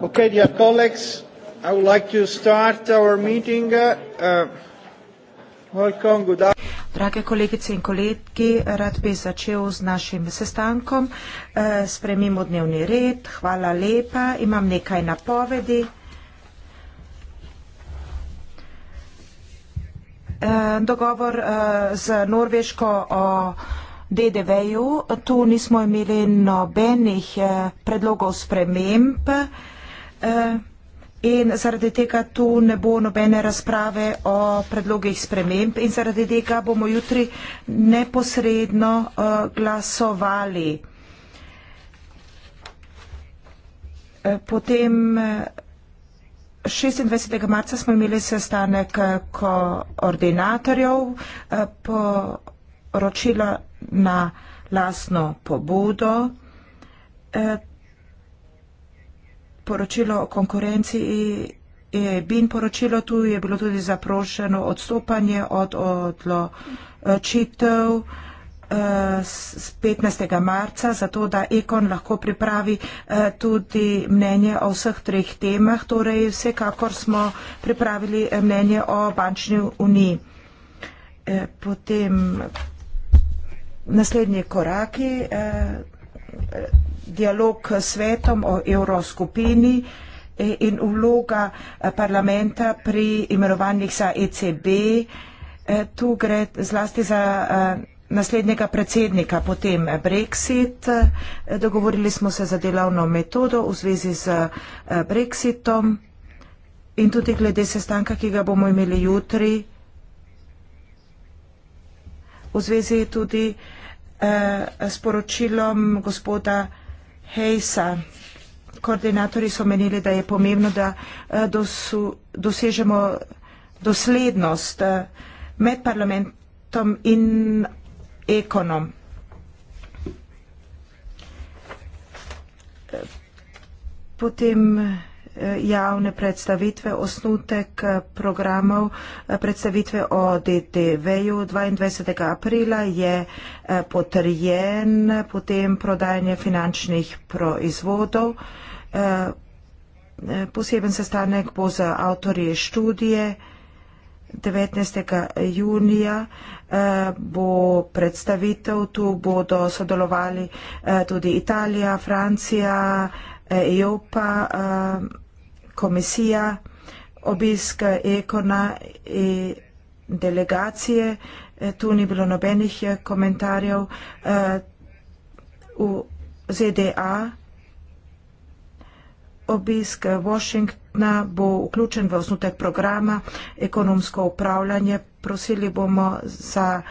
Okay, dear colleagues, I would like to start our meeting. Uh, uh, welcome, good afternoon. Drage kolegice in kolegi, rad bi začel z našim sestankom. E, spremimo dnevni red. Hvala lepa. Imam nekaj napovedi. E, dogovor e, z Norveško o DDV-ju. Tu nismo imeli nobenih e, predlogov sprememb. E, Eh, in zaradi tega tu ne bo nobene razprave o predlogih sprememb in zaradi tega bomo jutri neposredno eh, glasovali. Eh, potem 26. marca smo imeli sestanek koordinatorjev, poročilo na lasno pobudo poročilo o konkurenci EBIN poročilo, tu je bilo tudi zaprošeno odstopanje od odločitev z eh, 15. marca, zato da Ekon lahko pripravi eh, tudi mnenje o vseh treh temah, torej vsekakor smo pripravili eh, mnenje o bančni uniji. Potem naslednji koraki dialog s svetom o evroskupini e, in vloga e, parlamenta pri imenovanjih za ECB. E, tu gre zlasti za naslednjega predsednika, potem Brexit. Dogovorili smo se za delavno metodo v zvezi z Brexitom in tudi glede sestanka, ki ga bomo imeli jutri. V zvezi tudi eh, s poročilom gospoda Hejsa. Koordinatori so menili, da je pomembno, da eh, dosu, dosežemo doslednost eh, med parlamentom in ekonom. Eh, potem javne predstavitve, osnutek eh, programov eh, predstavitve o DTV-ju 22. aprila je eh, potrjen, potem prodajanje finančnih proizvodov. Poseben sestanek bo za avtorje študije. 19. junija bo predstavitev, tu bodo sodelovali tudi Italija, Francija, EU pa eh, komisija obisk ekona in delegacije. Eh, tu ni bilo nobenih eh, komentarjev. V ZDA obisk Washingtona bo vključen v osnutek programa ekonomsko upravljanje. Prosili bomo za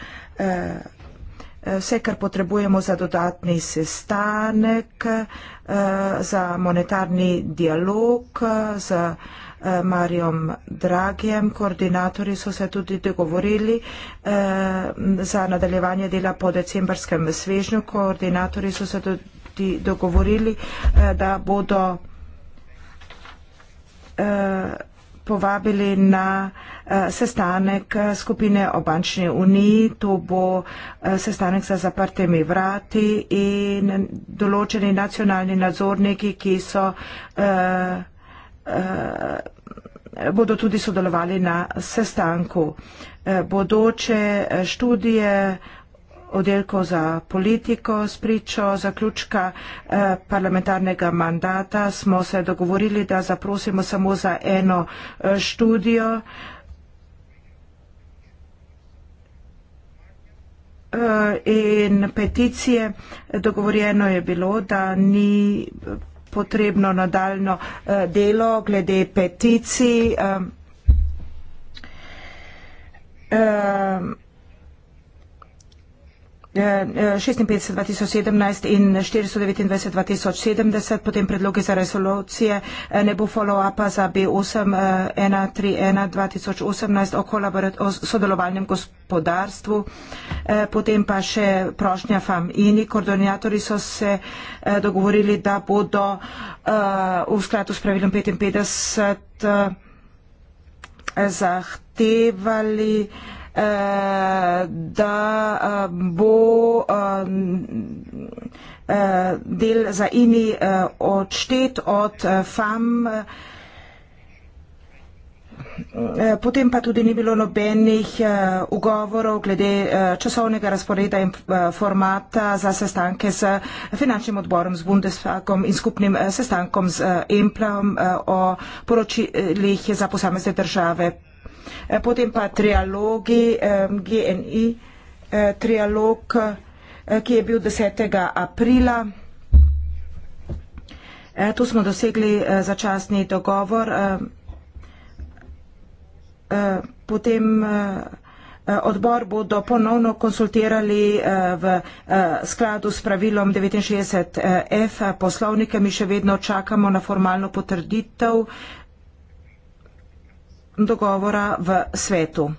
vse, kar potrebujemo za dodatni sestanek, eh, za monetarni dialog z eh, Marijom Dragijem. Koordinatori so se tudi dogovorili eh, za nadaljevanje dela po decembrskem svežnju. Koordinatori so se tudi dogovorili, da bodo povabili na eh, sestanek eh, skupine o bančni uniji. To bo eh, sestanek za zaprtimi vrati in določeni nacionalni nadzorniki, ki so, bodo tudi sodelovali na sestanku. Bodoče študije oddelku za politiko s pričo zaključka eh, parlamentarnega mandata smo se dogovorili, da zaprosimo samo za eno eh, študijo. Eh, in peticije, dogovorjeno je bilo, da ni potrebno nadaljno eh, delo glede peticij. Eh, 56-2017 in 429-2070, potem predloge za resolucije, eh, ne bo follow-upa za B8131-2018 o sodelovalnem gospodarstvu, eh, potem pa še prošnja FAMINI. Koordinatori so se eh, dogovorili, da bodo v skladu s pravilom 55 zahtevali Eh, da eh, bo eh, del za INI odštet od FAM. Potem pa tudi ni bilo nobenih ugovorov glede časovnega razporeda in formata za sestanke s finančnim odborom, s Bundesfagom in skupnim sestankom z EMPLAM o poročilih za posamezne države Eh, potem pa trialogi GNI, eh, trialog, eh, ki je bil 10. aprila. Tu smo dosegli začasni dogovor. Potem odbor bodo ponovno konsultirali v skladu s pravilom 69F poslovnika. Mi še vedno čakamo na formalno potrditev dogovora v svetu.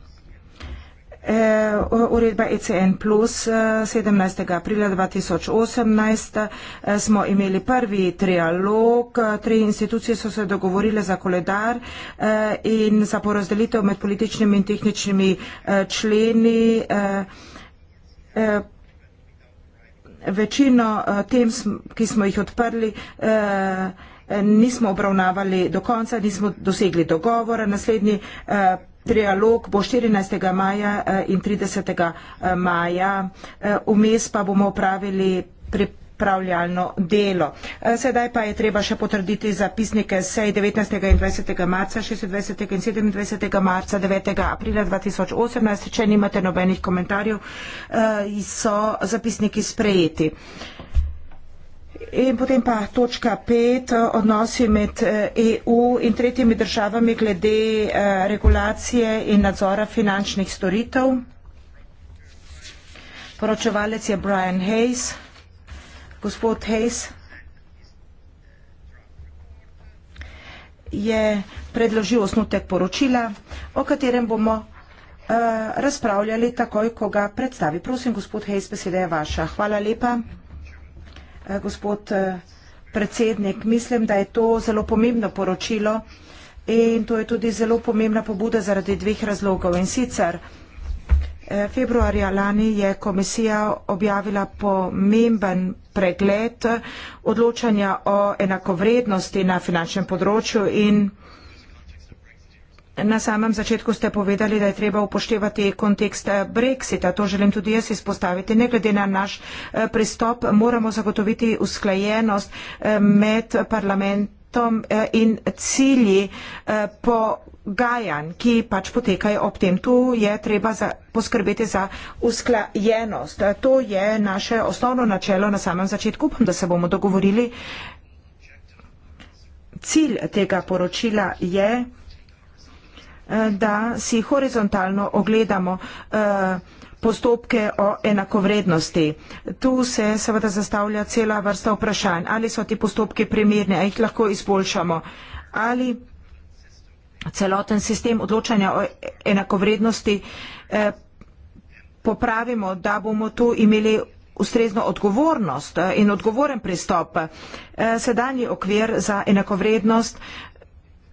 E, uredba ECN plus 17. E, aprila 2018 e, smo imeli prvi trialog, tri institucije so se dogovorile za koledar in za porazdelitev med političnimi in tehničnimi členi. Večino tem, ki smo jih odprli, nismo obravnavali do konca, nismo dosegli dogovora. Naslednji eh, trialog bo 14. maja eh, in 30. Eh, maja. Vmes pa bomo opravili pripravljalno delo. Sedaj pa je treba še potrditi zapisnike sej 19. in 20. marca, 26. in 27. marca, 9. aprila 2018. Če nimate nobenih komentarjev, so zapisniki sprejeti. In potem pa točka pet, odnosi med EU eh, e in tretjimi državami glede eh, regulacije in nadzora finančnih storitev. Poročevalec je Brian Hayes. Gospod Hayes je predložil osnutek poročila, o katerem bomo eh, razpravljali takoj, ko ga predstavi. Prosim, gospod Hayes, beseda je vaša. Hvala lepa. Eh, gospod eh, predsednik. Mislim, da je to zelo pomembno poročilo in to je tudi zelo pomembna pobuda zaradi dveh razlogov. In sicer eh, februarja lani je komisija objavila pomemben pregled odločanja o enakovrednosti na finančnem področju in Na samem začetku ste povedali, da je treba upoštevati kontekst Brexita. To želim tudi jaz izpostaviti. Ne glede na naš eh, pristop, moramo zagotoviti usklajenost eh, med parlamentom eh, in cilji po gajan, ki pač potekajo ob tem. Tu je treba za, poskrbeti za usklajenost. To je naše osnovno načelo na samem začetku. Upam, da se bomo dogovorili. Cilj tega poročila je. Eh, da si horizontalno ogledamo eh, postopke o enakovrednosti. Tu se seveda zastavlja cela vrsta vprašanj, ali so ti postopki primerni, ali jih lahko izboljšamo, ali celoten sistem odločanja o enakovrednosti eh, popravimo, da bomo tu imeli ustrezno odgovornost in odgovoren pristop. Sedanji okvir za enakovrednost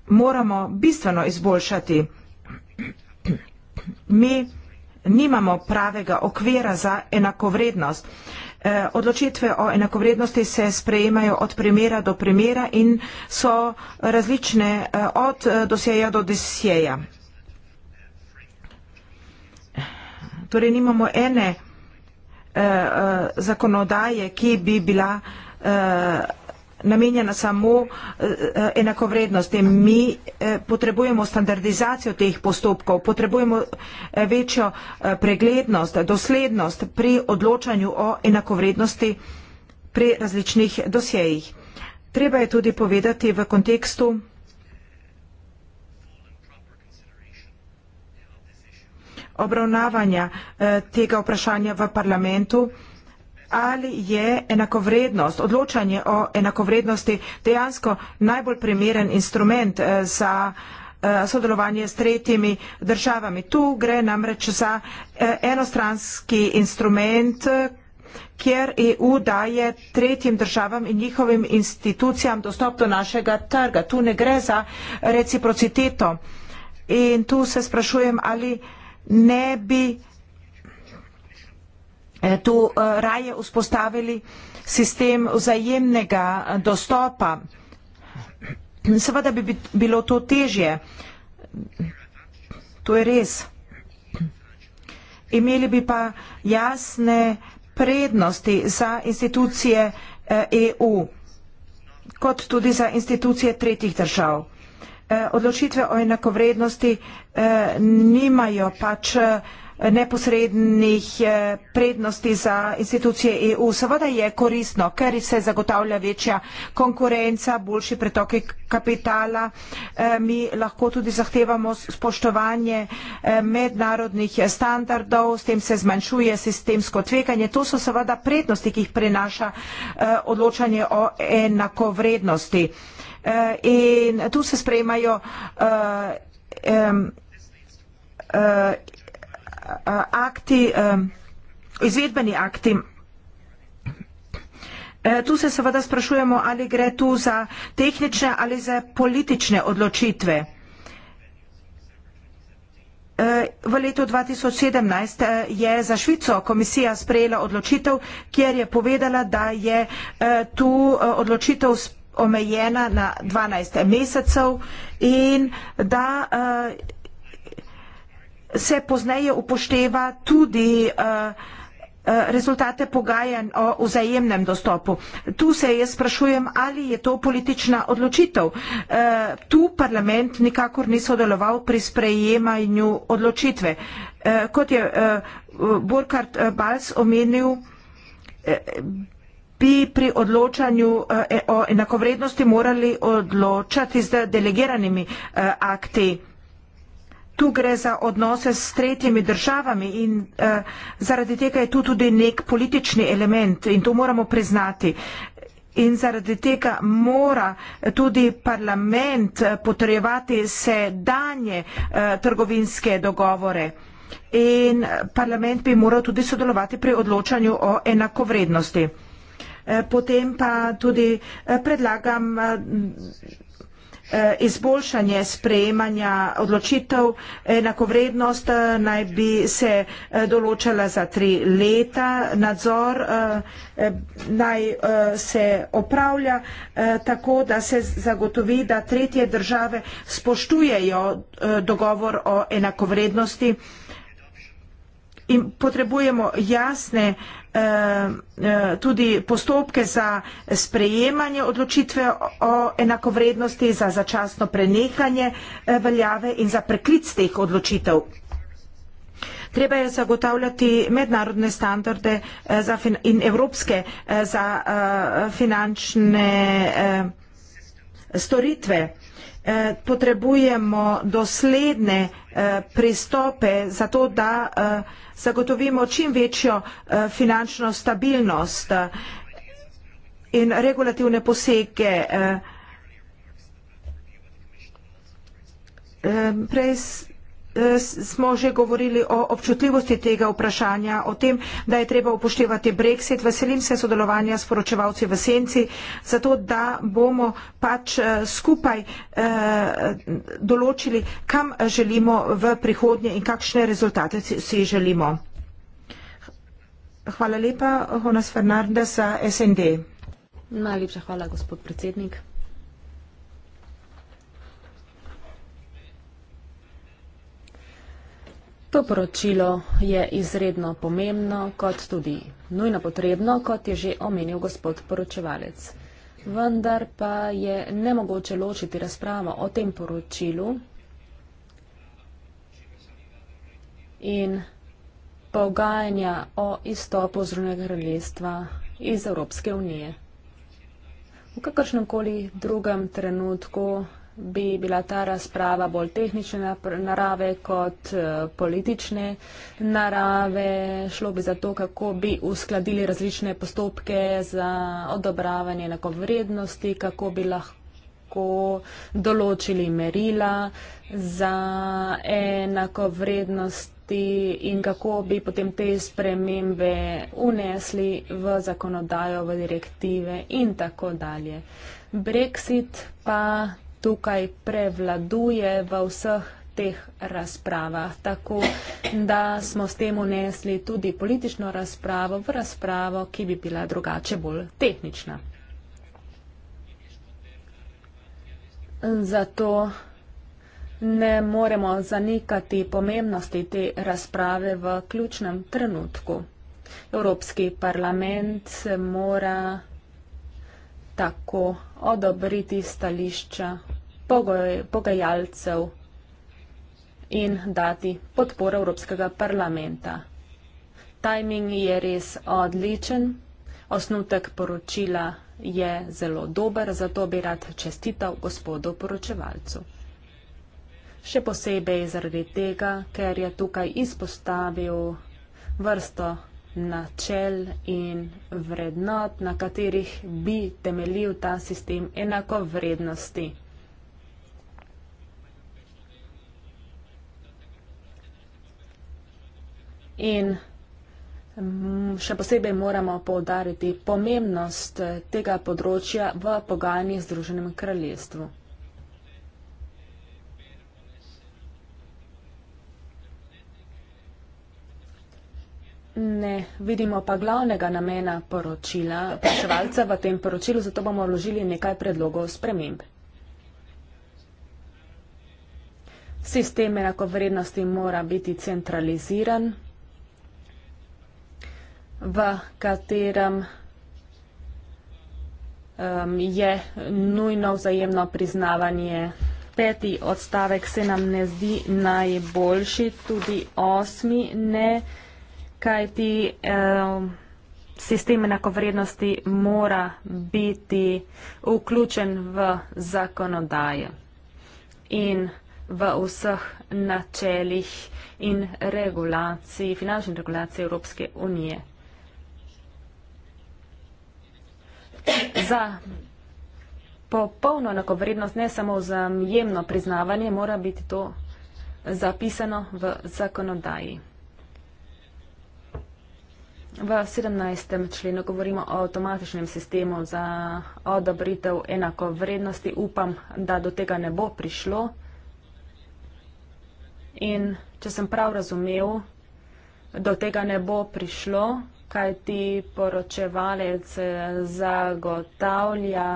moramo bistveno izboljšati. Mi nimamo pravega okvira za enakovrednost. Eh, odločitve o enakovrednosti se sprejemajo od primera do primera in so različne eh, od eh, dosjeja do dosjeja. Torej nimamo ene zakonodaje, ki bi bila namenjena samo eh, eh, enakovrednosti. Mi eh, potrebujemo standardizacijo teh postopkov, potrebujemo večjo preglednost, doslednost pri odločanju o enakovrednosti pri različnih dosjejih. Treba je tudi povedati v kontekstu obravnavanja tega vprašanja v parlamentu, ali je enakovrednost, odločanje o enakovrednosti dejansko najbolj primeren instrument eh, za eh, sodelovanje s tretjimi državami. Tu gre namreč za eh, enostranski instrument, kjer EU daje tretjim državam in njihovim institucijam dostop do našega trga. Tu ne gre za reciprociteto. In tu se sprašujem, ali ne bi Eh, to eh, raje vzpostavili sistem vzajemnega dostopa. Seveda bi bilo to težje. To je res. Imeli bi pa jasne prednosti za institucije EU, eh, e kot tudi za institucije tretjih držav. Odločitve o enakovrednosti nimajo pač neposrednih eh, prednosti za institucije EU. Seveda je koristno, ker se zagotavlja večja konkurenca, boljši pretoki kapitala. Eh, mi lahko tudi zahtevamo spoštovanje eh, mednarodnih standardov, s tem se zmanjšuje sistemsko tveganje. To so seveda prednosti, ki jih prinaša odločanje o enakovrednosti. In tu se sprejmajo Eh, akti, eh, izvedbeni akti. Eh, tu se seveda sprašujemo, ali gre tu za tehnične ali za politične odločitve. V letu 2017 je za Švico komisija sprejela odločitev, kjer je povedala, da je tu odločitev omejena na 12 mesecev in da se pozneje upošteva tudi uh, rezultate pogajanj o vzajemnem dostopu. Tu se jaz sprašujem, ali je to politična odločitev. Eh, tu parlament nikakor ni sodeloval pri sprejemanju odločitve. Kot je Burkhard Bals omenil, bi pri odločanju o enakovrednosti morali odločati z delegiranimi akti tu gre za odnose s tretjimi državami in uh, zaradi tega je tu tudi nek politični element in to moramo priznati. In zaradi tega mora tudi parlament eh, potrjevati sedanje uh, eh, trgovinske dogovore. In parlament bi moral tudi sodelovati pri odločanju o enakovrednosti. Uh, potem pa tudi uh, predlagam. Uh, Eh, izboljšanje sprejemanja odločitev. Enakovrednost eh, naj bi se eh, določala za tri leta. Nadzor naj se opravlja tako, da se zagotovi, da tretje države spoštujejo dogovor o enakovrednosti in potrebujemo jasne eh, eh, tudi postopke za sprejemanje odločitve o enakovrednosti, za začasno prenehanje eh, veljave in za preklic teh odločitev. Treba je zagotavljati mednarodne standarde in evropske za finančne storitve eh, potrebujemo dosledne eh, pristope za to, da eh, zagotovimo čim večjo eh, finančno stabilnost eh, in regulativne posege. Eh, eh, Eh, smo že govorili o občutljivosti tega vprašanja, o tem, da je treba upoštevati brexit. Veselim se sodelovanja s poročevalci v senci, zato da bomo pač eh, skupaj eh, določili, kam želimo v prihodnje in kakšne rezultate si želimo. Hvala lepa, Jonas Fernandez, SND. Najlepša hvala, gospod predsednik. To poročilo je izredno pomembno, kot tudi nujno potrebno, kot je že omenil gospod poročevalec. Vendar pa je nemogoče ločiti razpravo o tem poročilu in pogajanja o izstopu zrunega kraljestva iz Evropske unije. V kakršnem koli drugem trenutku bi bila ta razprava bolj tehnične narave kot eh, politične narave. Šlo bi za to, kako bi uskladili različne postopke za odobravanje enakovrednosti, kako bi lahko določili merila za enakovrednost in kako bi potem te spremembe unesli v zakonodajo, v direktive in tako dalje. Brexit pa tukaj prevladuje v vseh teh razpravah. Tako da smo s tem unesli tudi politično razpravo v razpravo, ki bi bila drugače bolj tehnična. Zato ne moremo zanikati pomembnosti te razprave v ključnem trenutku. Evropski parlament mora tako odobriti stališča pogoj, pogajalcev in dati podporo Evropskega parlamenta. Tajming je res odličen, osnutek poročila je zelo dober, zato bi rad čestital gospodu poročevalcu. Še posebej zaradi tega, ker je tukaj izpostavil vrsto načel in vrednot, na katerih bi temeljil ta sistem enakovrednosti. In še posebej moramo povdariti pomembnost eh, tega področja v pogajanji Združenem kraljestvu. Ne vidimo pa glavnega namena poročila, poročevalca v tem poročilu, zato bomo vložili nekaj predlogov sprememb. Sistem enakovrednosti mora biti centraliziran v katerem um, je nujno vzajemno priznavanje. Peti odstavek se nam ne zdi najboljši, tudi osmi ne, kajti um, sistem enakovrednosti mora biti vključen v zakonodaje in v vseh načelih in regulaciji, finančni regulaciji Evropske unije. za popolno enakovrednost, ne samo za jemno priznavanje, mora biti to zapisano v zakonodaji. V 17. členu govorimo o avtomatičnem sistemu za odobritev enakovrednosti. Upam, da do tega ne bo prišlo. In če sem prav razumel, do tega ne bo prišlo, kaj ti poročevalec eh, zagotavlja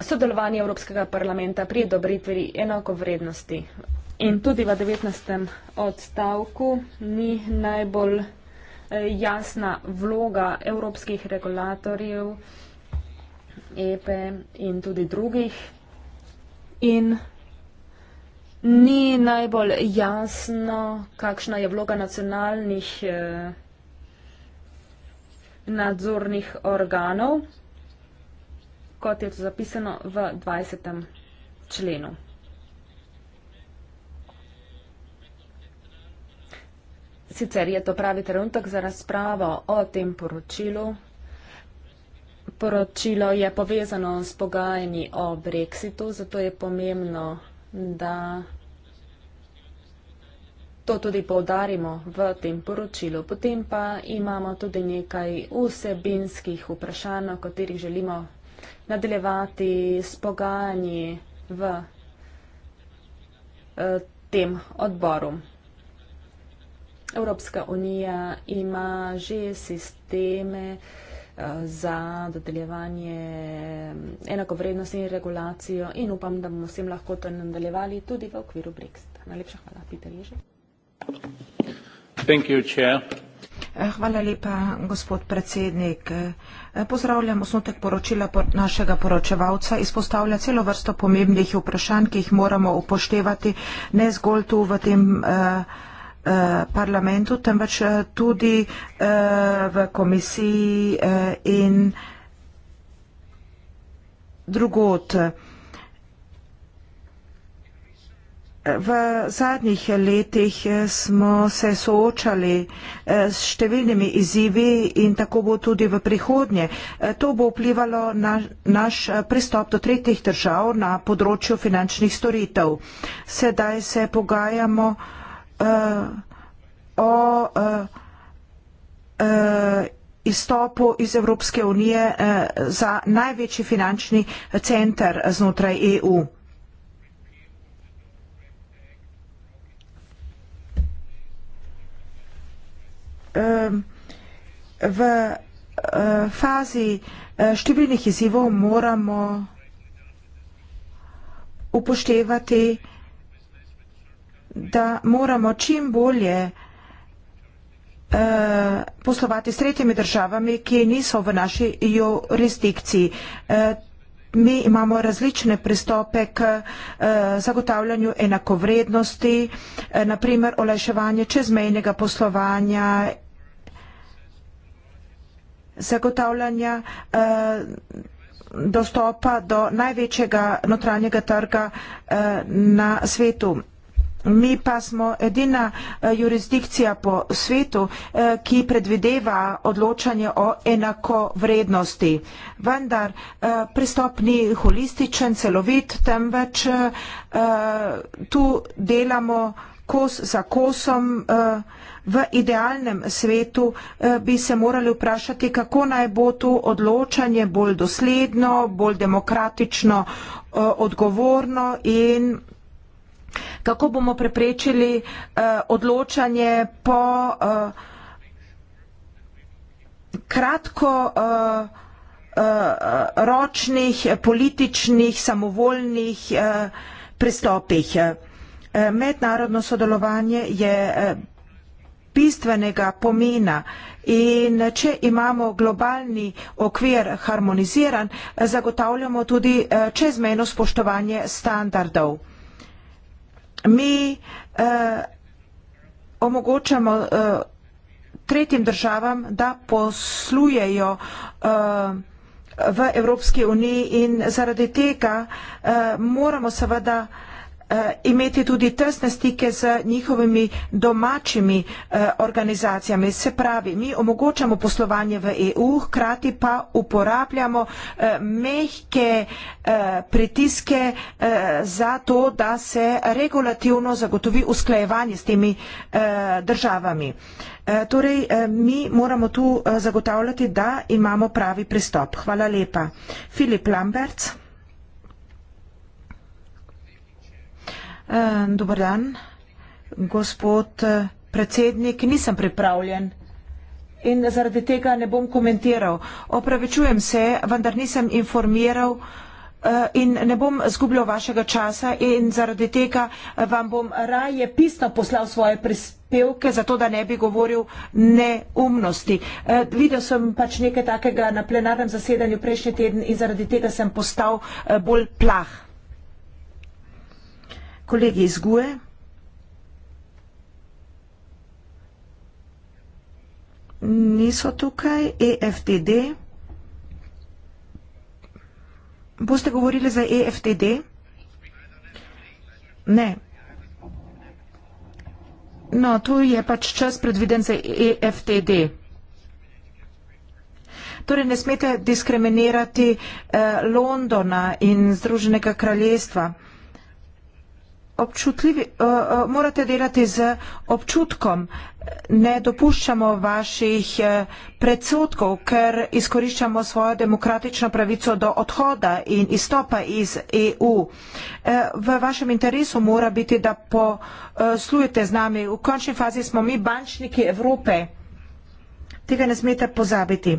sodelovanje Evropskega parlamenta pri odobritvi enakovrednosti. In tudi v 19. odstavku ni najbolj eh, jasna vloga evropskih regulatorjev, EPE in tudi drugih. In ni najbolj jasno, kakšna je vloga nacionalnih eh, nadzornih organov, kot je to zapisano v 20. členu. Sicer je to pravi trenutek za razpravo o tem poročilu. Poročilo je povezano s pogajanji o brexitu, zato je pomembno, da To tudi povdarimo v tem poročilu. Potem pa imamo tudi nekaj vsebinskih vprašanj, o katerih želimo nadaljevati s pogajanji v eh, tem odboru. Evropska unija ima že sisteme eh, za dodeljevanje enakovrednosti in regulacijo in upam, da bomo vsem lahko to nadaljevali tudi v okviru Brexit. Najlepša hvala, Peter Ježek. Eh, hvala lepa, gospod predsednik. Eh, pozdravljam osnotek poročila našega poročevalca. Izpostavlja celo vrsto pomembnih vprašanj, ki jih moramo upoštevati ne zgolj tu v tem eh, parlamentu, temveč tudi v komisiji in drugot. V zadnjih letih eh, smo se soočali eh, s številnimi izzivi in tako bo tudi v prihodnje. Eh, to bo vplivalo na naš pristop do tretjih držav na področju finančnih storitev. Sedaj se pogajamo uh, o uh, uh, izstopu iz Evropske unije uh, za največji finančni center znotraj EU. Um, v uh, fazi uh, številnih izzivov moramo upoštevati, da moramo čim bolje uh, poslovati s tretjimi državami, ki niso v naši jurisdikciji. Mi imamo različne pristope k zagotavljanju enakovrednosti, naprimer olajševanje čezmejnega poslovanja zagotavljanja eh, dostopa do največjega notranjega trga eh, na svetu. Mi pa smo edina eh, jurisdikcija po svetu, ki predvideva odločanje o enakovrednosti. Vendar pristop ni holističen, celovit, temveč tu delamo kos za kosom. Eh, v idealnem svetu eh, bi se morali vprašati, kako naj bo to odločanje bolj dosledno, bolj demokratično, eh, odgovorno in kako bomo preprečili odločanje po kratko ročnih političnih samovoljnih pristopih mednarodno sodelovanje je eh, bistvenega pomena in če imamo globalni okvir harmoniziran, eh, zagotavljamo tudi eh, čezmeno spoštovanje standardov. Mi eh, omogočamo eh, tretjim državam, da poslujejo eh, v Evropski uniji in zaradi tega eh, moramo seveda eh, uh, imeti tudi tesne stike z njihovimi domačimi uh, organizacijami. Se pravi, mi omogočamo poslovanje v EU, hkrati pa uporabljamo uh, mehke uh, pritiske uh, za to, da se regulativno zagotovi usklajevanje s temi uh, državami. Torej, mi moramo tu zagotavljati, da imamo pravi pristop. Hvala lepa. Filip Lamberts. Dobar dan, gospod eh, predsednik, nisem pripravljen in zaradi tega ne bom komentiral. Opravičujem se, vendar nisem informiral eh, in ne bom zgubljal vašega časa in zaradi tega eh, vam bom raje pisno poslal svoje prispevke, zato da ne bi govoril neumnosti. Videl sem pač nekaj takega na plenarnem zasedanju prejšnji teden in zaradi tega sem postal bolj plah kolegi iz GUE. Niso tukaj, EFTD. Boste govorili za EFTD? Ne. No, tu je pač čas predviden za EFTD. Torej, ne smete diskriminirati eh, Londona in Združenega kraljestva. Eh, občutljivi, uh, uh, morate delati z občutkom. Ne dopuščamo vaših eh, predsotkov, ker izkoriščamo svojo demokratično pravico do odhoda in izstopa iz EU. V vašem interesu mora biti, da poslujete z nami. V končni fazi smo mi bančniki Evrope. Tega ne smete pozabiti.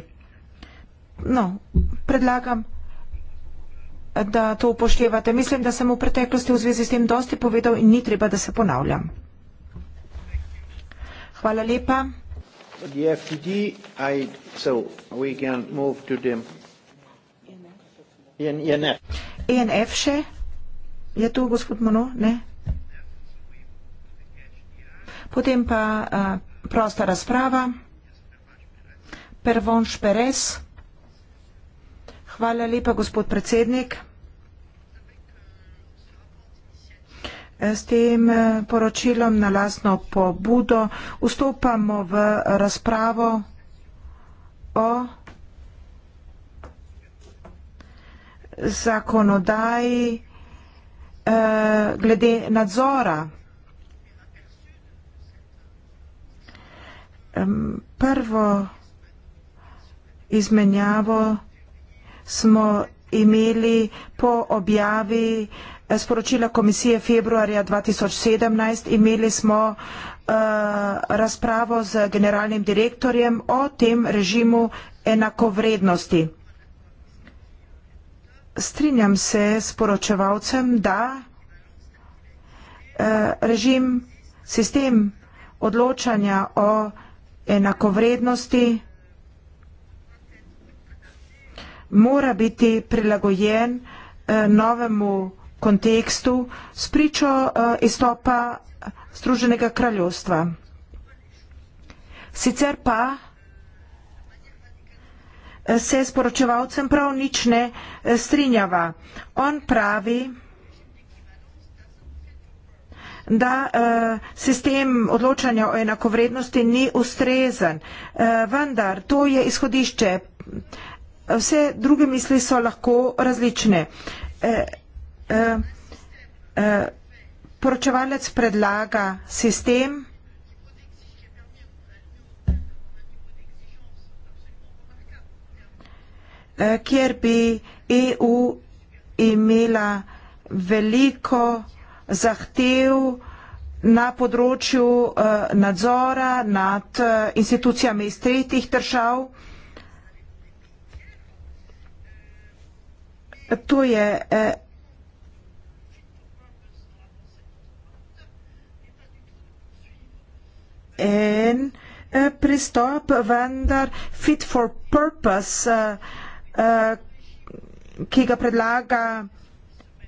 No, predlagam da to upoštevate. Mislim, da sem v preteklosti v zvezi s tem dosti povedal in ni treba, da se ponavljam. Hvala lepa. FTD, I, so INF. E INF e e še? Je tu gospod Mono? Ne? Potem pa uh, prosta razprava. Pervonš Perez. Hvala lepa, gospod predsednik. S tem eh, poročilom na lasno pobudo vstopamo v razpravo o zakonodaji eh, glede nadzora. Prvo izmenjavo smo imeli po objavi sporočila komisije februarja 2017 imeli smo uh, razpravo z generalnim direktorjem o tem režimu enakovrednosti. Strinjam se s poročevalcem, da eh, režim, sistem odločanja o enakovrednosti mora biti prilagojen eh, novemu kontekstu s pričo uh, izstopa Združenega kraljostva. Sicer pa eh, se s poročevalcem prav nič ne eh, strinjava. On pravi, da uh, sistem odločanja o enakovrednosti ni ustrezen. Uh, vendar, to je izhodišče. Vse druge misli so lahko različne. Uh, Eh, eh, poročevalec predlaga sistem, eh, kjer bi EU imela veliko zahtev na področju nadzora nad institucijami iz tretjih držav. To je en uh, pristop, vendar fit for purpose, uh, uh, ki ga predlaga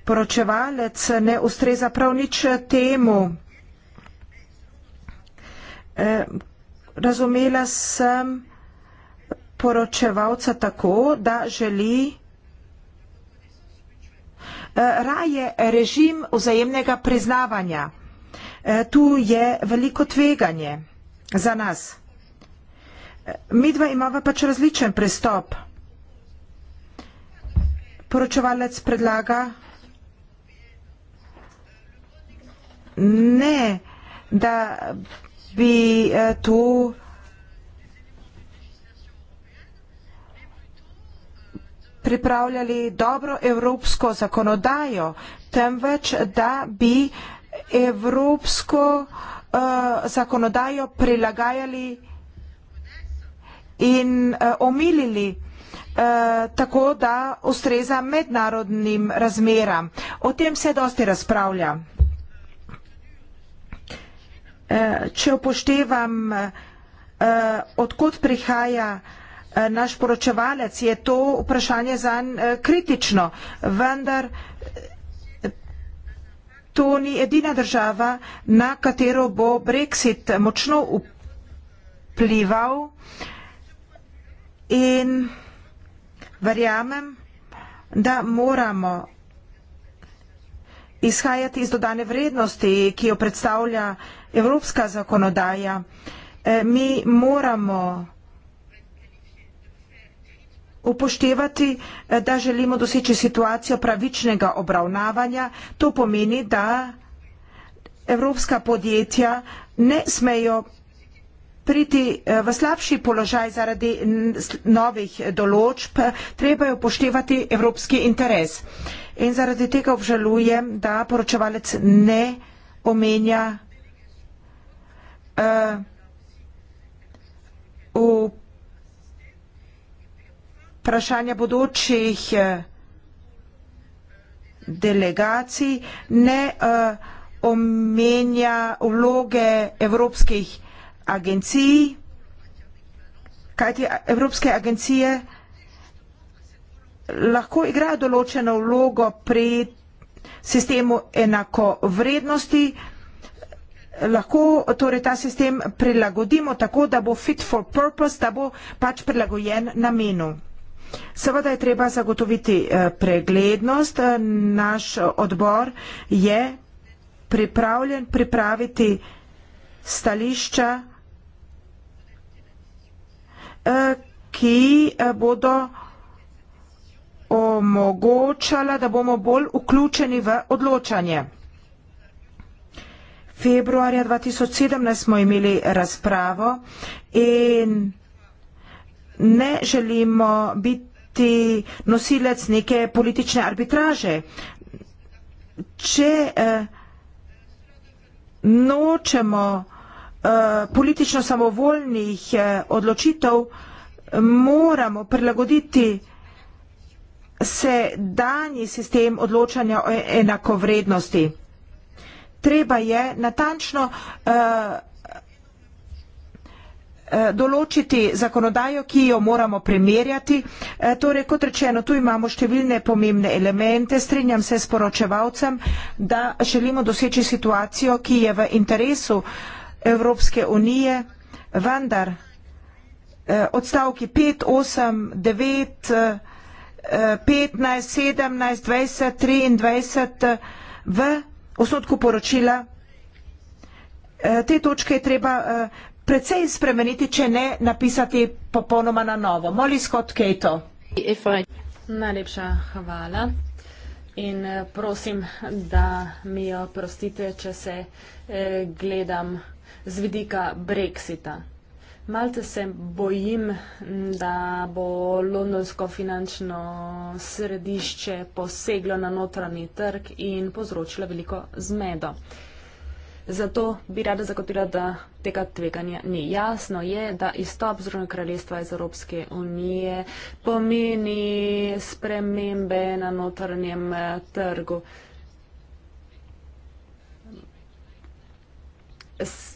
poročevalec, ne ustreza prav nič temu. E, razumela sem poročevalca tako, da želi e, raje režim vzajemnega priznavanja. Eh, tu je veliko tveganje za nas. Eh, Mi dva imava pač različen pristop. Poročevalec predlaga ne, da bi eh, tu pripravljali dobro evropsko zakonodajo, temveč, da bi evropsko uh, zakonodajo prilagajali in uh, omilili uh, tako, da ustreza mednarodnim razmeram. O tem se dosti razpravlja. Uh, če upoštevam, uh, odkot prihaja uh, naš poročevalec, je to vprašanje zanj uh, kritično, vendar To ni edina država, na katero bo Brexit močno vplival in verjamem, da moramo izhajati iz dodane vrednosti, ki jo predstavlja evropska zakonodaja. Eh, mi moramo upoštevati, eh, da želimo doseči situacijo pravičnega obravnavanja. To pomeni, da evropska podjetja ne smejo priti eh, v slabši položaj zaradi novih določb, treba je upoštevati evropski interes. In zaradi tega obžalujem, da poročevalec ne omenja uh, vprašanja bodočih eh, delegacij ne uh, omenja vloge evropskih agencij, kajti evropske agencije lahko igrajo določeno vlogo pri sistemu enakovrednosti, lahko torej ta sistem prilagodimo tako, da bo fit for purpose, da bo pač prilagojen namenu. Seveda je treba zagotoviti eh, preglednost. Eh, naš odbor je pripravljen pripraviti stališča, eh, ki bodo omogočala, da bomo bolj vključeni v odločanje. Februarja 2017 smo imeli razpravo in ne želimo biti nosilec neke politične arbitraže. Če eh, nočemo eh, politično samovoljnih eh, odločitev, moramo prilagoditi se danji sistem odločanja o enakovrednosti. Treba je natančno eh, Eh, določiti zakonodajo, ki jo moramo primerjati. Eh, torej, kot rečeno, tu imamo številne pomembne elemente. Strinjam se s poročevalcem, da želimo doseči situacijo, ki je v interesu Evropske unije, vendar eh, odstavki 5, 8, 9, 15, 17, 20, 23 v osnotku poročila. Te točke je treba precej spremeniti, če ne napisati popolnoma na novo. Moli Scott Kato. Najlepša hvala in eh, prosim, da mi jo prostite, če se eh, gledam z vidika Brexita. Malce se bojim, da bo londonsko finančno središče poseglo na notranji trg in povzročilo veliko zmedo. Eh, Zato bi rada zagotovila, da tega tveganja ni. Jasno je, da izstop Združenega kraljestva iz Evropske unije pomeni spremembe na notranjem eh, trgu.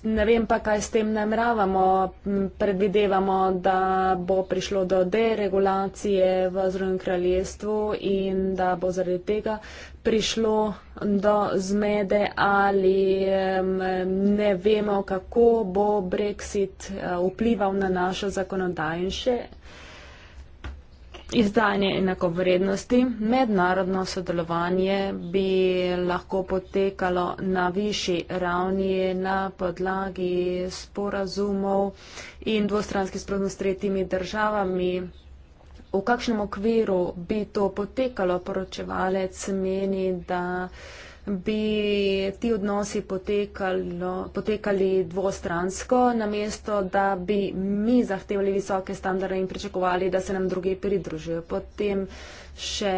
Ne vem pa, kaj s tem nameravamo. Predvidevamo, da bo prišlo do deregulacije v Združenem kraljestvu in da bo zaradi tega prišlo do zmede ali ne vemo, kako bo Brexit eh, vplival na našo zakonodajo in še izdanje enakovrednosti. Mednarodno sodelovanje bi lahko potekalo na višji ravni na podlagi sporazumov in dvostranskih sporazumov s tretjimi državami v kakšnem okviru bi to potekalo, poročevalec meni, da bi ti odnosi potekalo, potekali dvostransko, namesto da bi mi zahtevali visoke standarde in pričakovali, da se nam drugi pridružijo. Potem še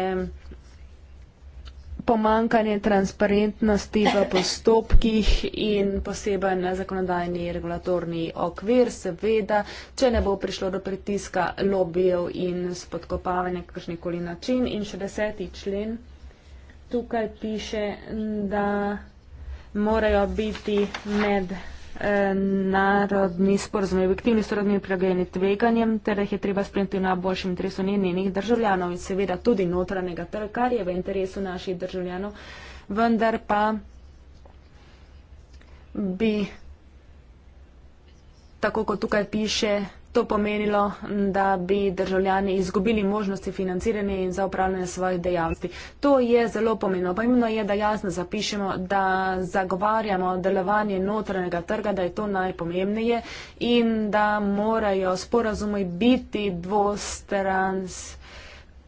pomankanje transparentnosti v postopkih in poseben zakonodajni regulatorni okvir, seveda, če ne bo prišlo do pritiska lobijev in spodkopavanja kakršnikoli način. In še deseti člen tukaj piše, da morajo biti med. Eh, narodni sporozumi, objektivni sorodni pregajeni tveganjem, ter jih je treba sprejeti v najboljšem interesu njenih državljanov in seveda tudi notranjega trga, kar je v interesu naših državljanov, vendar pa bi, tako kot tukaj piše, to pomenilo, da bi državljani izgubili možnosti financiranja in za upravljanje svojih dejavnosti. To je zelo pomembno. Pomembno je, da jasno zapišemo, da zagovarjamo delovanje notranjega trga, da je to najpomembneje in da morajo sporazumi biti dvostranski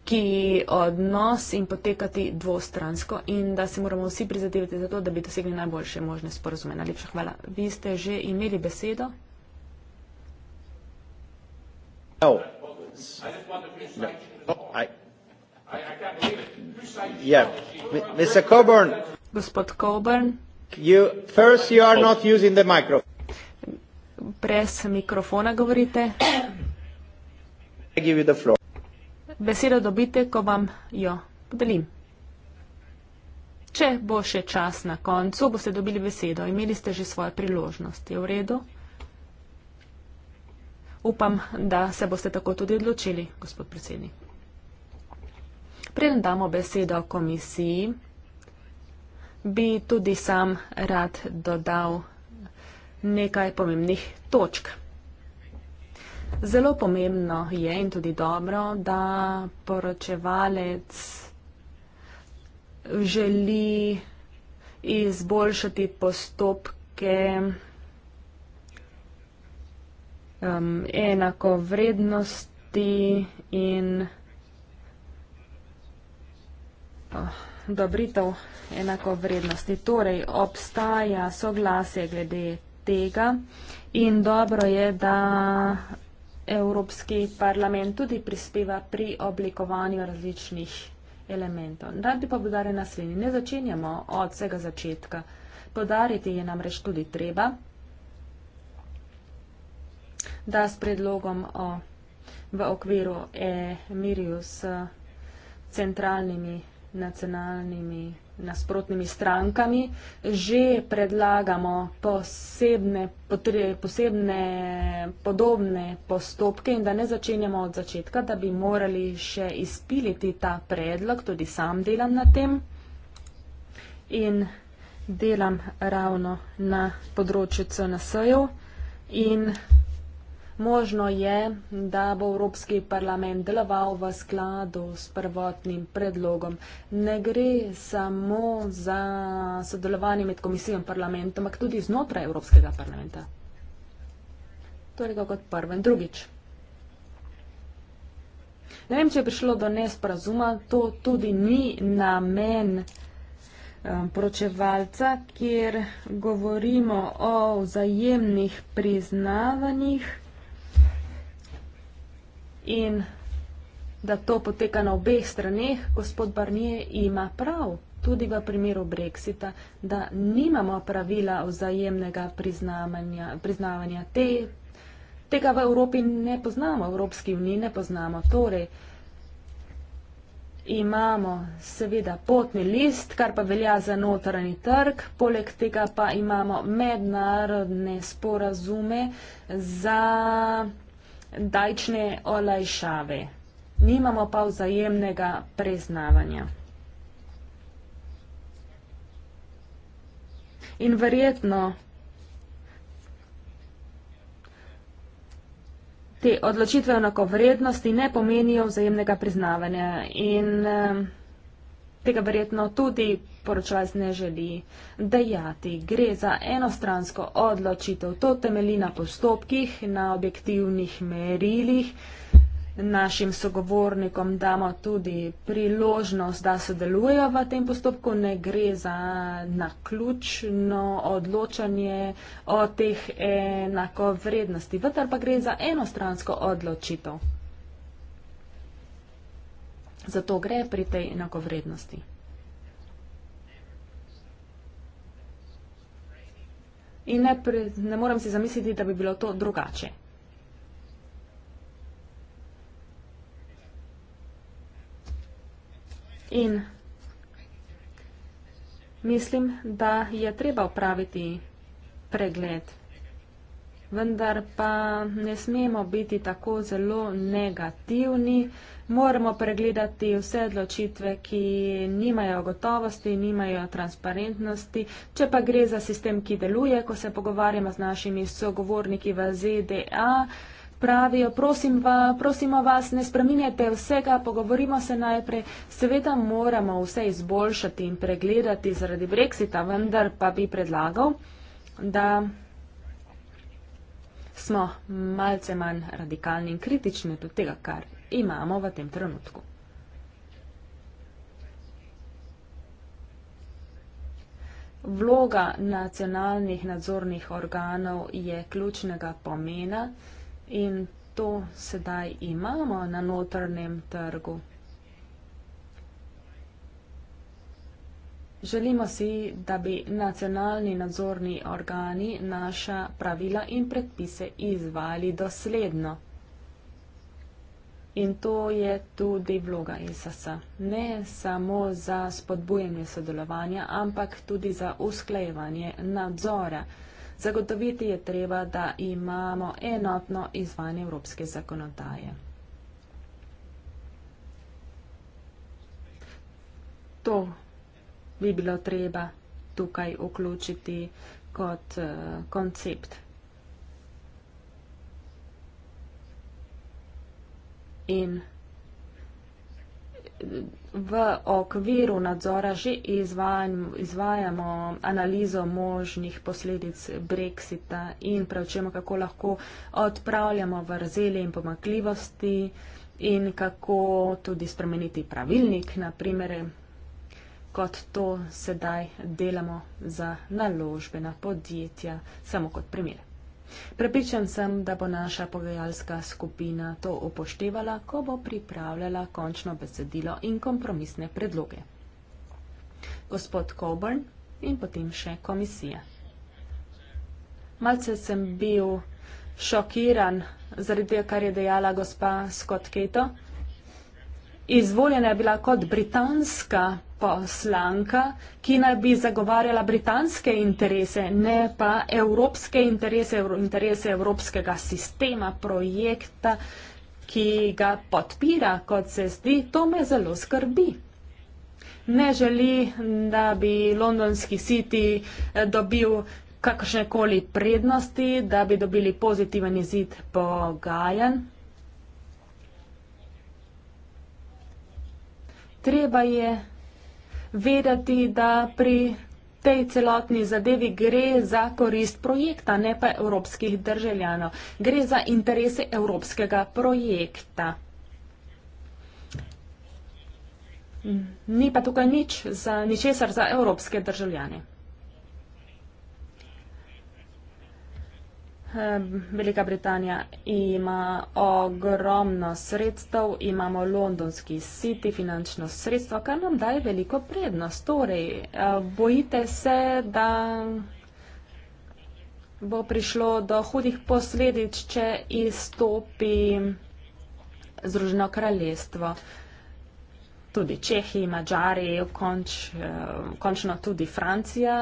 ki odnos in potekati dvostransko in da se moramo vsi prizadevati za to, da bi dosegli najboljše možne sporozume. Najlepša hvala. Vi ste že imeli besedo. No. I just want to no. Oh, I. I, I can't believe it. Yeah, M- Mr. Coburn. Gospod Coburn. You first. You are not using the microphone. Brez mikrofona govorite. I give you the floor. Besedo dobite, ko vam jo podelim. Če bo še čas na koncu, boste dobili besedo. Imeli ste že svojo priložnost. Je v redu? Upam, da se boste tako tudi odločili, gospod predsednik. Preden damo besedo komisiji, bi tudi sam rad dodal nekaj pomembnih točk. Zelo pomembno je in tudi dobro, da poročevalec želi izboljšati postopke um, enakovrednosti in oh, dobritev enakovrednosti. Torej, obstaja soglasje glede tega in dobro je, da Evropski parlament tudi prispeva pri oblikovanju različnih elementov. Rad bi pa podaril naslednji. Ne začenjamo od vsega začetka. Podariti je namreč tudi treba, da s predlogom o, v okviru e-miru s eh, centralnimi, nacionalnimi, nasprotnimi strankami že predlagamo posebne, potre, posebne podobne postopke in da ne začenjamo od začetka, da bi morali še izpiliti ta predlog, tudi sam delam na tem. In delam ravno na področju CNS-ju in Možno je, da bo Evropski parlament deloval v skladu s prvotnim predlogom. Ne gre samo za sodelovanje med komisijo in parlamentom, ampak tudi znotraj Evropskega parlamenta. Torej, kot prvo in drugič. Ne vem, če je prišlo do nesporazuma, to tudi ni namen um, poročevalca, kjer govorimo o vzajemnih priznavanjih in da to poteka na obeh straneh, gospod Barnier ima prav tudi v primeru Brexita, da nimamo pravila vzajemnega priznavanja, priznavanja te, tega v Evropi ne poznamo, v Evropski uniji ne poznamo. Torej, imamo seveda potni list, kar pa velja za notranji trg, poleg tega pa imamo mednarodne sporazume za dajčne olajšave. Nimamo pa vzajemnega preznavanja. In verjetno te odločitve enakovrednosti ne pomenijo vzajemnega priznavanja. In, um, tega verjetno tudi poročalec ne želi dejati. Gre za enostransko odločitev. To temeli na postopkih, na objektivnih merilih. Našim sogovornikom damo tudi priložnost, da sodelujejo v tem postopku. Ne gre za naključno odločanje o teh enakovrednosti, vendar pa gre za enostransko odločitev. Zato gre pri tej enakovrednosti. In ne, pri, ne morem si zamisliti, da bi bilo to drugače. In mislim, da je treba upraviti pregled, vendar pa ne smemo biti tako zelo negativni, moramo pregledati vse odločitve, ki nimajo gotovosti, nimajo transparentnosti. Če pa gre za sistem, ki deluje, ko se pogovarjamo z našimi sogovorniki v ZDA, pravijo, prosim va, prosimo vas, ne spreminjajte vsega, pogovorimo se najprej. Seveda moramo vse izboljšati in pregledati zaradi Brexita, vendar pa bi predlagal, da smo malce manj radikalni in kritični do tega, kar je imamo v tem trenutku. Vloga nacionalnih nadzornih organov je ključnega pomena in to sedaj imamo na notrnem trgu. Želimo si, da bi nacionalni nadzorni organi naša pravila in predpise izvali dosledno. In to je tudi vloga ISS. Ne samo za spodbujanje sodelovanja, ampak tudi za usklajevanje nadzora. Zagotoviti je treba, da imamo enotno izvanje evropske zakonodaje. To bi bilo treba tukaj vključiti kot eh, koncept. Uh, in v okviru nadzora že izvajamo analizo možnih posledic Brexita in pravčemo, kako lahko odpravljamo vrzeli in pomakljivosti in kako tudi spremeniti pravilnik, naprimer, kot to sedaj delamo za naložbena podjetja, samo kot primere. Prepričan sem, da bo naša pogajalska skupina to upoštevala, ko bo pripravljala končno besedilo in kompromisne predloge. Gospod Coburn in potem še komisija. Malce sem bil šokiran zaradi tega, kar je dejala gospa Scott Keto. Izvoljena je bila kot britanska poslanka, ki naj bi zagovarjala britanske interese, ne pa evropske interese, interese evropskega sistema, projekta, ki ga podpira, kot se zdi, to me zelo skrbi. Ne želi, da bi londonski siti eh, dobil kakršnekoli prednosti, da bi dobili pozitiven izid pogajanj. Treba je vedeti, da pri tej celotni zadevi gre za korist projekta, ne pa evropskih državljanov. Gre za interese evropskega projekta. Ni pa tukaj nič za ničesar za evropske državljane. Ehm, Velika Britanija ima ogromno sredstev, imamo londonski siti finančno sredstvo, kar nam daje veliko prednost. Torej, eh, bojite se, da bo prišlo do hudih posledic, če izstopi Združeno kraljestvo. Tudi Čehi, Mačari, konč, eh, končno tudi Francija.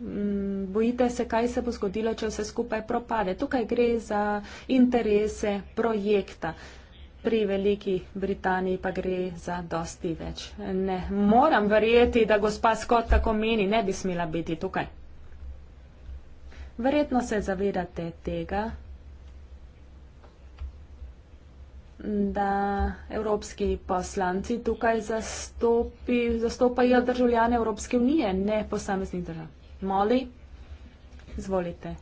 Mm, bojite se, kaj se bo zgodilo, če vse skupaj propade. Tukaj gre za interese projekta. Pri Veliki Britaniji pa gre za dosti več. Ne moram verjeti, da gospa Scott tako meni ne bi smela biti tukaj. Verjetno se zavedate tega, da evropski poslanci tukaj zastopi, zastopajo državljane Evropske unije, ne posameznih držav. Moli, izvolite.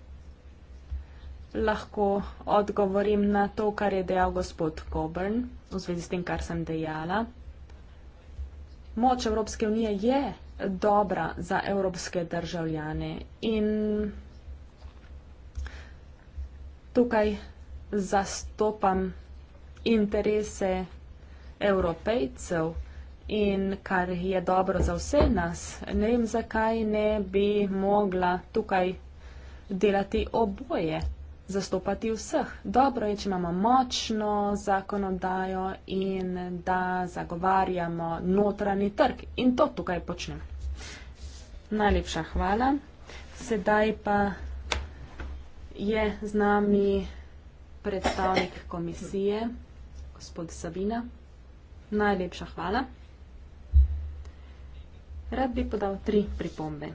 Lahko odgovorim na to, kar je dejal gospod Coburn v zvezi s tem, kar sem dejala. Moč Evropske unije je dobra za evropske državljane in tukaj zastopam interese evropejcev, in kar je dobro za vse nas. Ne vem, zakaj ne bi mogla tukaj delati oboje, zastopati vseh. Dobro je, če imamo močno zakonodajo in da zagovarjamo notranji trg in to tukaj počnem. Najlepša hvala. Sedaj pa je z nami predstavnik komisije, gospod Sabina. Najlepša hvala. Rad bi podal tri pripombe.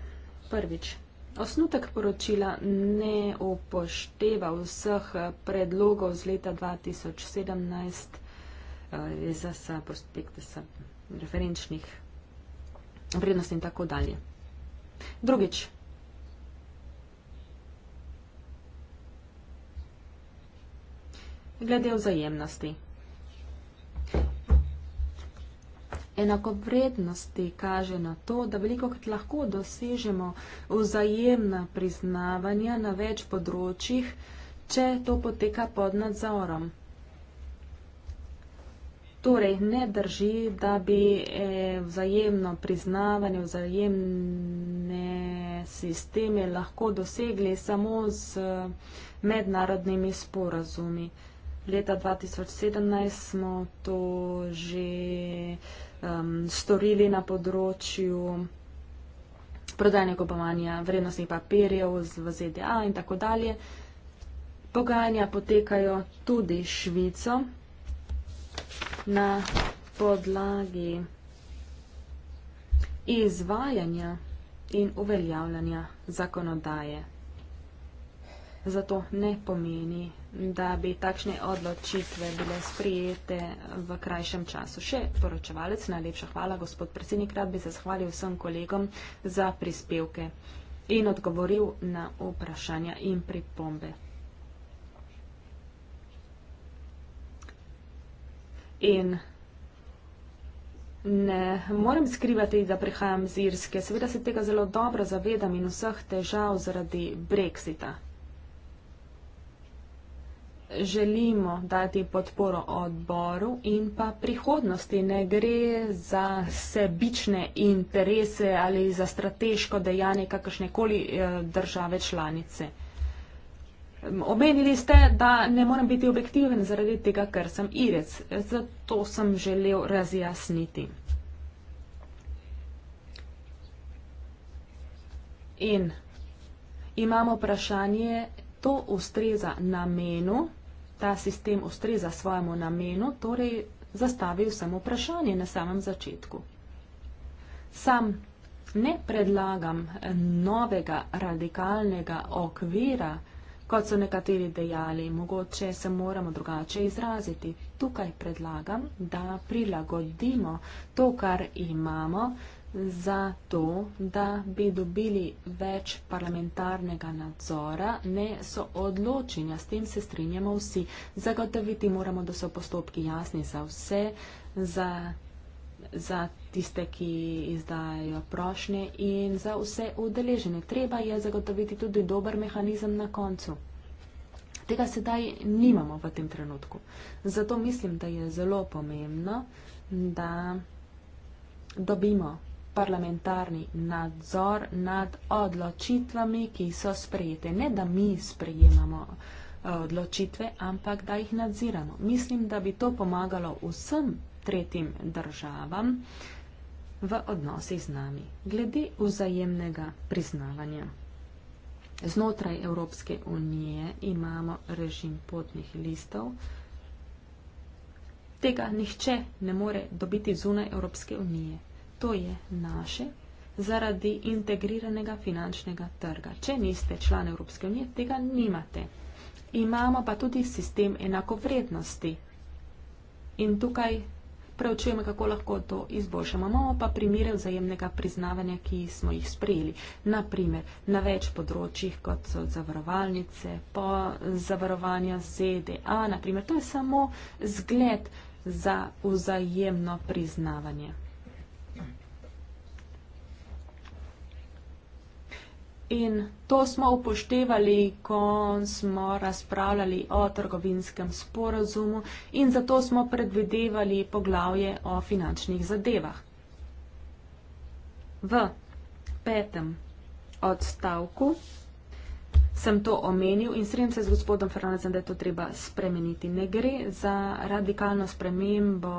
Prvič, osnutek poročila ne upošteva vseh predlogov z leta 2017, ESA, prospektusa, referenčnih vrednosti in tako dalje. Drugič, glede vzajemnosti. enakovrednosti kaže na to, da veliko krat lahko dosežemo vzajemna priznavanja na več področjih, če to poteka pod nadzorom. Torej, ne drži, da bi e, vzajemno priznavanje, vzajemne sisteme lahko dosegli samo z mednarodnimi sporazumi. Leta 2017 smo to že um, storili na področju prodajanja kupovanja vrednostnih papirjev v ZDA in tako dalje. Pogajanja potekajo tudi Švico na podlagi izvajanja in uveljavljanja zakonodaje. Zato ne pomeni da bi takšne odločitve bile sprijete v krajšem času. Še poročevalec, najlepša hvala, gospod predsednik, rad bi se zahvalil vsem kolegom za prispevke in odgovoril na vprašanja in pripombe. In ne morem skrivati, da prihajam z Irske. Seveda se tega zelo dobro zavedam in vseh težav zaradi brexita želimo dati podporo odboru in pa prihodnosti. Ne gre za sebične interese ali za strateško dejanje kakršnekoli eh, države članice. Omenili ste, da ne morem biti objektiven zaradi tega, ker sem irec. Zato sem želel razjasniti. In imamo vprašanje, to ustreza namenu ta sistem ustreza svojemu namenu, torej zastavil samo vprašanje na samem začetku. Sam ne predlagam novega radikalnega okvira, kot so nekateri dejali, mogoče se moramo drugače izraziti. Tukaj predlagam, da prilagodimo to, kar imamo, za to, da bi dobili več parlamentarnega nadzora, ne so odločenja, s tem se strinjamo vsi. Zagotoviti moramo, da so postopki jasni za vse, za, za tiste, ki izdajajo prošnje in za vse udeležene. Treba je zagotoviti tudi dober mehanizem na koncu. Tega sedaj nimamo v tem trenutku. Zato mislim, da je zelo pomembno, da dobimo parlamentarni nadzor nad odločitvami, ki so sprejete. Ne, da mi sprejemamo eh, odločitve, ampak da jih nadziramo. Mislim, da bi to pomagalo vsem tretjim državam v odnosih z nami. Glede vzajemnega priznavanja. Znotraj Evropske unije imamo režim potnih listov. Tega nihče ne more dobiti zunaj Evropske unije to je naše, zaradi integriranega finančnega trga. Če niste član Evropske unije, tega nimate. Imamo pa tudi sistem enakovrednosti. In tukaj preučujemo, kako lahko to izboljšamo. Imamo pa primere vzajemnega priznavanja, ki smo jih sprejeli. Naprimer, na več področjih, kot so zavarovalnice, po zavarovanja ZDA, naprimer, to je samo zgled za vzajemno priznavanje. In to smo upoštevali, ko smo razpravljali o trgovinskem sporazumu in zato smo predvidevali poglavje o finančnih zadevah. V petem odstavku sem to omenil in strinjam se z gospodom Fernandezem, da je to treba spremeniti. Ne gre za radikalno spremembo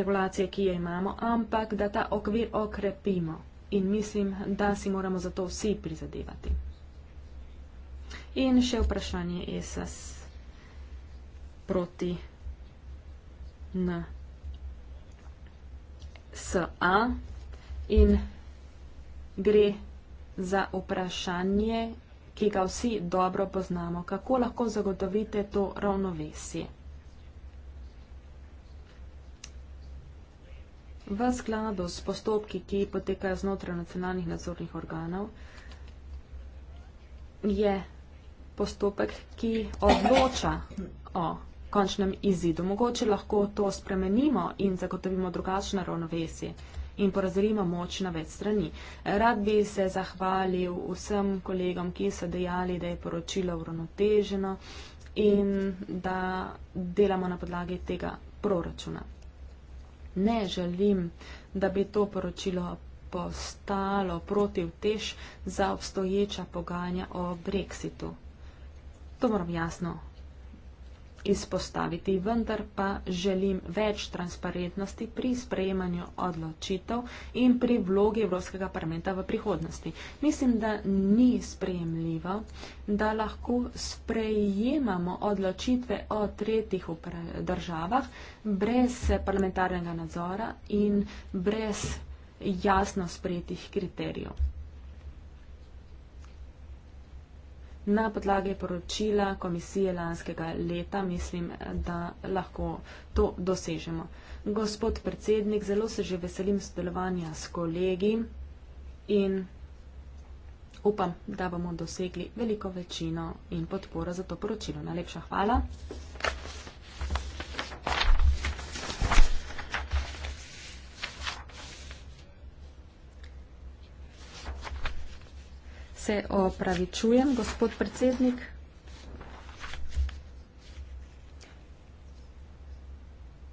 regulacije, ki jo imamo, ampak da ta okvir okrepimo in mislim, da si moramo za to vsi prizadevati. In še vprašanje ESAS proti NSA in gre za vprašanje, ki ga vsi dobro poznamo, kako lahko zagotovite to ravnovesje. v skladu s postopki, ki potekajo znotraj nacionalnih nadzornih organov, je postopek, ki odloča o končnem izidu. Mogoče lahko to spremenimo in zagotovimo drugačno ravnovesje in porazdelimo moč na več strani. Rad bi se zahvalil vsem kolegom, ki so dejali, da je poročilo uravnoteženo in da delamo na podlagi tega proračuna ne želim, da bi to poročilo postalo protivtež za obstoječa pogajanja o brexitu. To moram jasno izpostaviti, vendar pa želim več transparentnosti pri sprejemanju odločitev in pri vlogi Evropskega parlamenta v prihodnosti. Mislim, da ni sprejemljivo, da lahko sprejemamo odločitve o tretjih državah brez parlamentarnega nadzora in brez jasno sprejetih kriterijev. Na podlagi poročila komisije lanskega leta mislim, da lahko to dosežemo. Gospod predsednik, zelo se že veselim sodelovanja s kolegi in upam, da bomo dosegli veliko večino in podporo za to poročilo. Najlepša hvala. Se opravičujem, gospod predsednik.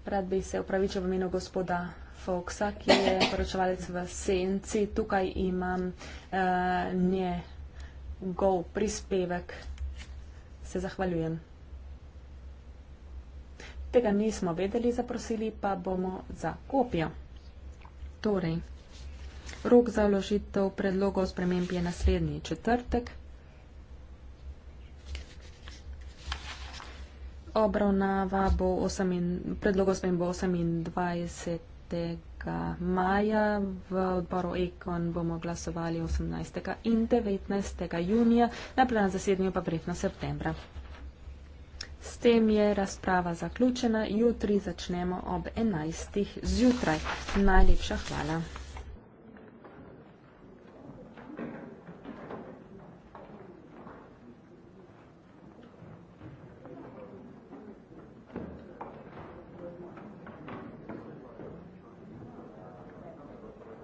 Rad bi se opravičil v imenu gospoda Foxa, ki je poročevalec v Senci. Tukaj imam uh, njegov prispevek. Se zahvaljujem. Tega nismo vedeli, zaprosili pa bomo za kopijo. Torej, Rok za vložitev predlogov sprememb je naslednji četrtek. Obravnava bo in, predlogov sprememb bo 28. maja, v odboru EKON bomo glasovali 18. in 19. junija, na plan zasednjo pa brevno septembra. S tem je razprava zaključena, jutri začnemo ob 11. zjutraj. Najlepša hvala.